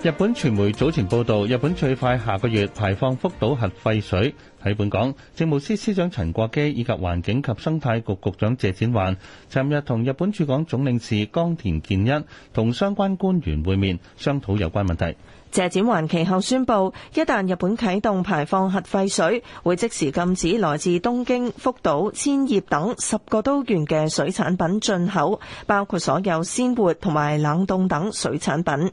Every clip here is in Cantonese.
日本傳媒早前報道，日本最快下個月排放福島核廢水。喺本港，政務司司長陳國基以及環境及生態局局長謝展寰，尋日同日本駐港總領事岡田健一同相關官員會面，商討有關問題。謝展寰其後宣布，一旦日本啟動排放核廢水，會即時禁止來自東京、福島、千葉等十個都縣嘅水產品進口，包括所有鮮活同埋冷凍等水產品。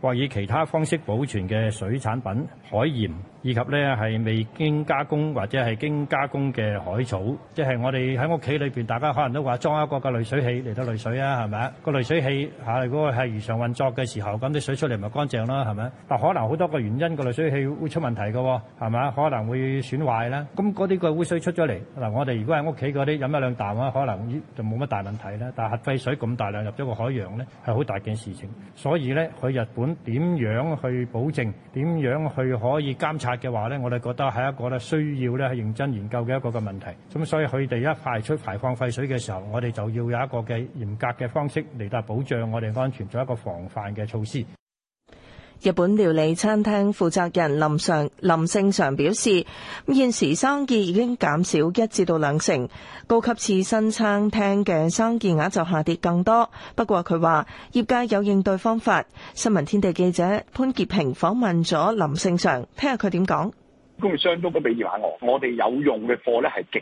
或以其他方式保存嘅水產品、海鹽，以及咧係未經加工或者係經加工嘅海草，即係我哋喺屋企裏邊大家可能都話裝一個嘅濾水器嚟得濾水啊，係咪啊？個濾水器吓如果係如常運作嘅時候，咁啲水出嚟咪乾淨啦，係咪啊？但可能好多個原因個濾水器會出問題嘅，係咪啊？可能會損壞啦，咁嗰啲個污水出咗嚟，嗱我哋如果喺屋企嗰啲飲一兩啖啊，可能就冇乜大問題啦。但核廢水咁大量入咗個海洋咧，係好大件事情，所以咧佢日本。點樣去保證？點樣去可以監察嘅話呢？我哋覺得係一個咧需要咧係認真研究嘅一個嘅問題。咁所以佢哋一排出排放廢水嘅時候，我哋就要有一個嘅嚴格嘅方式嚟到保障我哋安全，做一個防範嘅措施。日本料理餐廳負責人林常林勝常表示，現時生意已經減少一至到兩成，高級刺身餐廳嘅生意額就下跌更多。不過佢話業界有應對方法。新聞天地記者潘潔平訪問咗林勝常，聽下佢點講。供應商都唔俾意話我，我哋有用嘅貨咧係極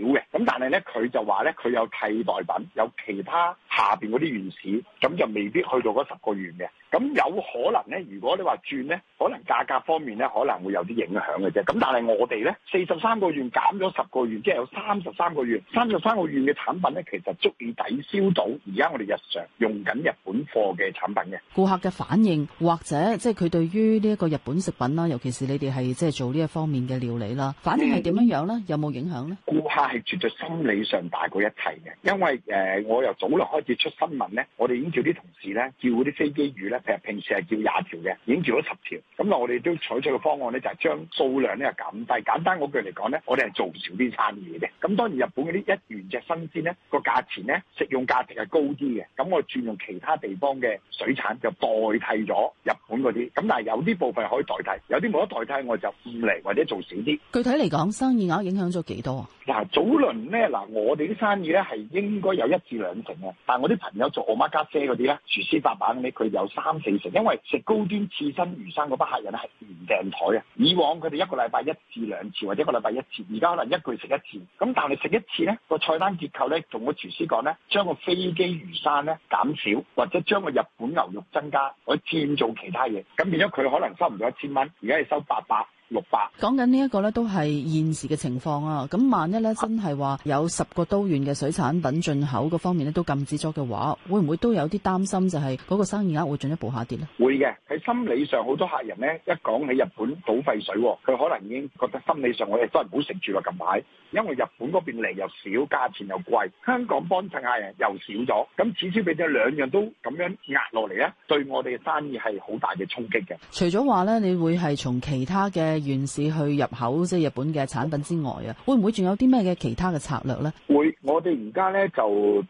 少嘅。咁但係咧，佢就話咧，佢有替代品，有其他下面嗰啲原始，咁就未必去到嗰十個月嘅。咁有可能咧，如果你話轉咧，可能價格方面咧可能會有啲影響嘅啫。咁但係我哋咧，四十三個月減咗十個月，即係有三十三個月，三十三個月嘅產品咧，其實足以抵消到而家我哋日常用緊日本貨嘅產品嘅顧客嘅反應，或者即係佢對於呢一個日本食品啦，尤其是你哋係即係做呢一方面嘅料理啦，反應係點樣樣咧？有冇影響咧？顧客係絕心理上大過一切嘅，因為誒、呃，我由早輪開始出新聞咧，我哋已經叫啲同事咧，叫嗰啲飛機魚咧，其實平時係叫廿條嘅，已經叫咗十條。咁嗱，我哋都採取個方案咧，就係將數量咧係減低。簡單嗰句嚟講咧，我哋係做少啲生意嘅。咁當然日本嗰啲一元隻新鮮咧，個價錢咧，食用價值係高啲嘅。咁我轉用其他地方嘅水產就代替咗日本嗰啲。咁但係有啲部分可以代替，有啲冇得代替，我就唔嚟或者做少啲。具體嚟講，生意額影響咗幾多啊？嗱，早輪。咩嗱？我哋啲生意咧係應該有一至兩成嘅。但係我啲朋友做 Omakase 嗰啲咧，廚師發辦咧，佢有三四成，因為食高端刺身魚生嗰班客人係唔訂台。以往佢哋一個禮拜一至兩次或者一個禮拜一次，而家可能一個月食一次。咁但係你食一次咧，個菜單結構咧，同我廚師講咧，將個飛機魚生咧減少，或者將個日本牛肉增加，或者佔做其他嘢。咁變咗佢可能收唔到一千蚊，而家係收八百。六百，講緊呢一個咧，都係現時嘅情況啊。咁萬一咧，真係話有十個都縣嘅水產品進口嗰方面咧，都禁止咗嘅話，會唔會都有啲擔心？就係嗰個生意額會進一步下跌咧？會嘅，喺心理上好多客人咧，一講起日本倒廢水，佢可能已經覺得心理上我哋都係唔好食住啦！近排，因為日本嗰邊嚟又少，價錢又貴，香港幫襯客人又少咗，咁此消彼長，兩樣都咁樣壓落嚟咧，對我哋嘅生意係好大嘅衝擊嘅。除咗話咧，你會係從其他嘅？原市去入口即係、就是、日本嘅產品之外啊，會唔會仲有啲咩嘅其他嘅策略咧？會，我哋而家咧就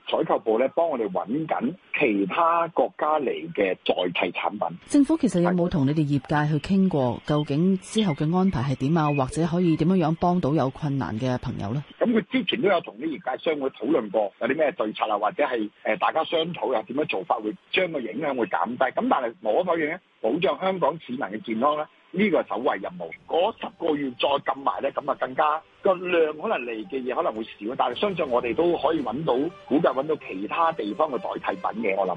採購部咧幫我哋揾緊其他國家嚟嘅代替產品。政府其實有冇同的你哋業界去傾過，究竟之後嘅安排係點啊？或者可以點樣樣幫到有困難嘅朋友咧？咁佢之前都有同啲業界商會討論過，有啲咩對策啊？或者係誒、呃、大家商討又點樣做法會將個影響會減低？咁但係無可否認咧，保障香港市民嘅健康咧。呢個係首位任務，嗰十個月再禁埋咧，咁啊更加個量可能嚟嘅嘢可能會少，但係相信我哋都可以揾到，估計揾到其他地方嘅代替品嘅，我諗。